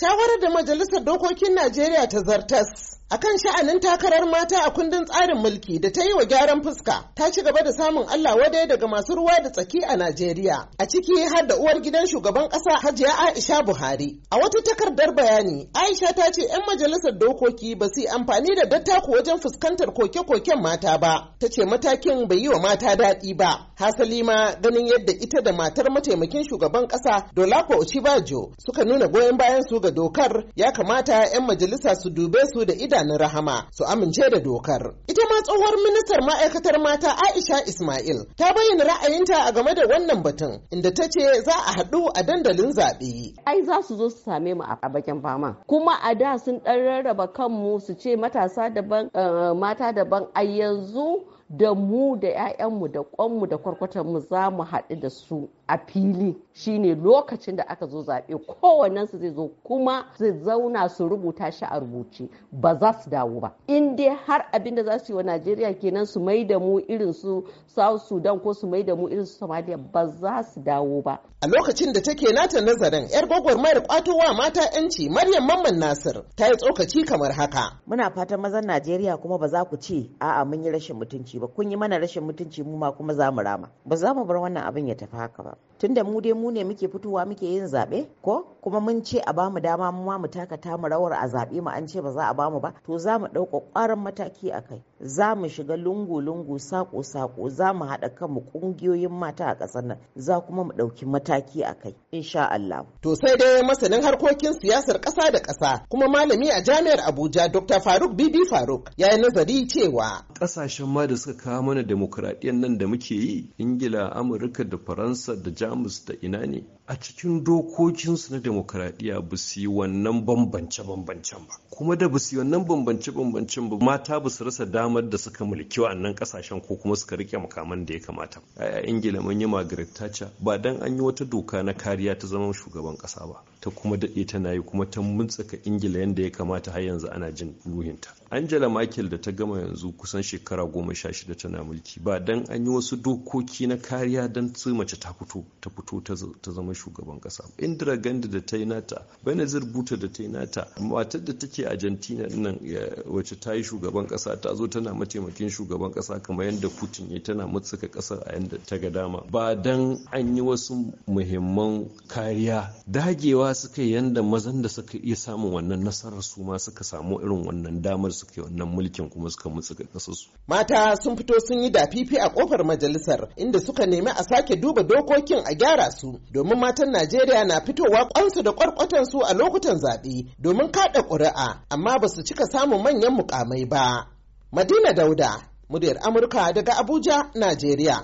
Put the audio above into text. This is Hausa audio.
shawarar da majalisar dokokin najeriya ta zartas a kan sha'anin takarar mata a kundin tsarin mulki da ta yi wa gyaran fuska ta ci gaba da samun Allah wadai daga masu ruwa da tsaki a Najeriya a ciki har da uwar gidan shugaban ƙasa Hajiya Aisha Buhari a wata takardar bayani Aisha ta ce 'yan majalisar dokoki ba su amfani da dattako wajen fuskantar koke-koken mata ba ta ce matakin bai yi wa mata daɗi ba hasali ma ganin yadda ita da matar mataimakin shugaban ƙasa Dolapo bajo suka nuna goyon bayan su ga dokar ya kamata 'yan majalisa su dube su da ida mutanen rahama su amince da dokar. Ita ma tsohuwar ministar ma'aikatar mata Aisha Ismail ta bayyana ra'ayinta a game da wannan batun inda ta ce za a haɗu a dandalin zaɓe. Ai za su zo su same mu a bakin fama. Kuma a da sun ɗan rarraba kanmu su ce matasa daban eh, mata daban a yanzu da mu da 'ya'yanmu da kwanmu da kwarkwatanmu za mu haɗu da su a fili shine lokacin da aka zo zaɓe kowannensu zai zo kuma zai zauna su rubuta shi a rubuce ba za su dawo ba in dai har abin da za su yi wa najeriya kenan su mai da mu irin su south sudan ko su mai da mu irin su somalia ba za su dawo ba a lokacin da take nata nazarin yar gwagwarmayar kwatowa mata yanci maryam mamman nasir ta yi tsokaci kamar haka muna fatan mazan najeriya kuma ba za ku ce a'a mun yi rashin mutunci ba kun yi mana rashin mutunci mu ma kuma za mu rama ba za mu bar wannan abin ya tafi haka ba tunda mu dai mu ne muke fitowa muke yin zaɓe ko kuma mun ce a bamu dama mu ma mu takata mu rawar a zaɓe mu an ce ba za a bamu ba to za mu ɗauka ƙwarin mataki a kai za mu shiga lungu-lungu sako-sako za mu haɗa kanmu ƙungiyoyin mata a ƙasar nan za kuma mu ɗauki mataki a kai insha Allah. To sai dai masanin harkokin siyasar ƙasa da ƙasa kuma malami a jami'ar Abuja Dr. Faruk Bibi Faruk ya yi nazari cewa. Ƙasashen ma da suka kawo mana demokradiyyar nan da muke yi ingila amurka da faransa da jamus da ina ne a cikin dokokinsu na demokradiyya ba su yi wannan bambance-bambancen ba kuma da ba su yi wannan bambance-bambancen ba mata ba su rasa damar da suka mulki wannan kasashen ko kuma suka rike makaman da ya kamata a ingila mun yi margaret thatcher ba dan an yi wata doka na kariya ta zama shugaban kasa ba ta kuma daɗe tana yi kuma ta muntsaka ingila yadda ya kamata har yanzu ana jin ruhinta angela Michael da ta gama yanzu kusan shekara goma sha shida tana mulki ba dan an yi wasu dokoki na kariya don su mace ta fito ta fito ta zama shugaban kasa indira gandhi da ta yi nata benazir buta da ta yi nata matar da take argentina nan wacce ta yi shugaban kasa ta zo tana mataimakin shugaban kasa kamar yadda putin ya tana mutsuka kasar a yadda ta ga dama ba dan an yi wasu muhimman kariya dagewa suka yi yadda mazan da suka iya samun wannan nasarar su ma suka samu irin wannan damar suke wannan mulkin kuma suka mutsuka kasarsu. Mata sun fito sun yi dafifi a kofar majalisar inda suka nemi a sake duba dokokin a gyara su domin matan Najeriya na fitowa kwansu da kwarkwatan su a lokutan zaɓe domin kaɗa ƙuri'a amma ba su cika samun manyan mukamai ba. Madina Dauda, muryar Amurka daga Abuja, Najeriya.